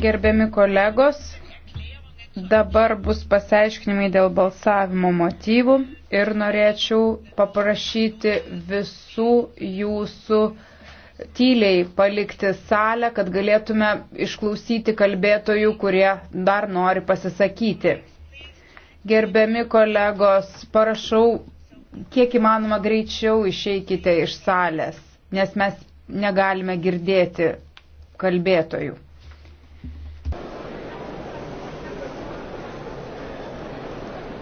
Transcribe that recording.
Gerbiami kolegos, dabar bus pasiaiškinimai dėl balsavimo motyvų ir norėčiau paprašyti visų jūsų tyliai palikti salę, kad galėtume išklausyti kalbėtojų, kurie dar nori pasisakyti. Gerbiami kolegos, parašau, kiek įmanoma greičiau išeikite iš salės, nes mes negalime girdėti kalbėtojų.